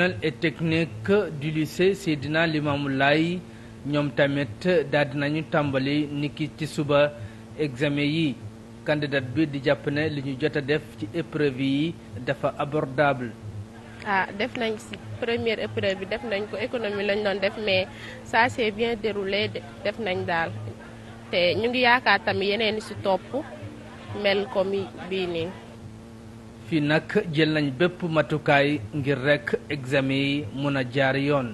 professionnelle et technique du lycée Seydina Limamou Laye ñoom tamit daal dinañu tàmbali niki ci suba examen yi candidat bi di jàpp ne li ñu jot a def ci épreuve yi dafa abordable ah def nañ si première épreuve bi def nañ ko économie lañ doon def mais ça s'est bien déroulé def nañ daal te ñu ngi yaakaar tamit yeneen i topp mel comme bii nii fii nag jël nañ bépp matukaay ngir rekk examen yi mën a jaar yoon.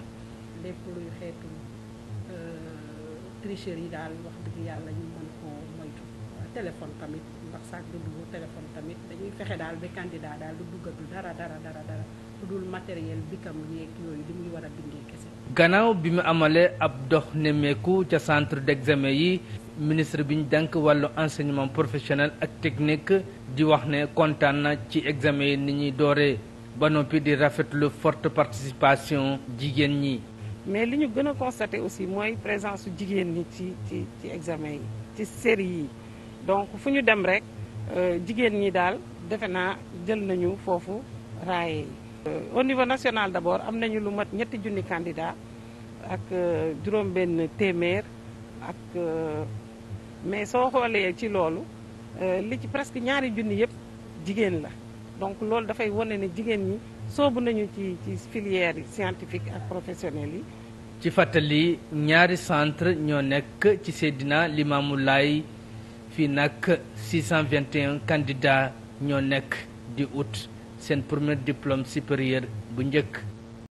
lépp luy xeetu euh, tricherie yi daal wax dëgg yàlla ñu mën koo moytu téléphone tamit ndax sax du dugg téléphone tamit dañuy fexe daal ba candidat daal du duggatul dara dara dara dara lu dul matériel bi kam yeeg yooyu li muy war a bindee gannaaw bi mu amalee ab dox nemmeeku ca centre d'examen yi. ministre bi ñu denk wàllu enseignement professionnel ak technique di wax ne kontaan na ci examen yi ni ñuy dooree ba noppi di rafetlu forte participation jigéen ñi. mais li ñu gën a constaté aussi mooy présence su jigéen ñi ci ci ci examen yi ci série yi donc fu ñu dem rek euh, jigéen ñi daal defe naa jël nañu foofu raaye euh, au niveau national d'abord am nañu lu mat ñetti junni candidat ak euh, juróom-benn téeméer ak. mais soo xoolee ci loolu euh, li ci presque ñaari junni yëpp jigéen la donc loolu dafay wane ne jigéen ñi soobu nañu ci ci filière scientifique ak professionnels yi. ci fàttali ñaari centre ñoo nekk ci Seydina Limamou Laye fii nag 621 candidats ñoo nekk di ut seen premier diplôme supérieur bu njëkk.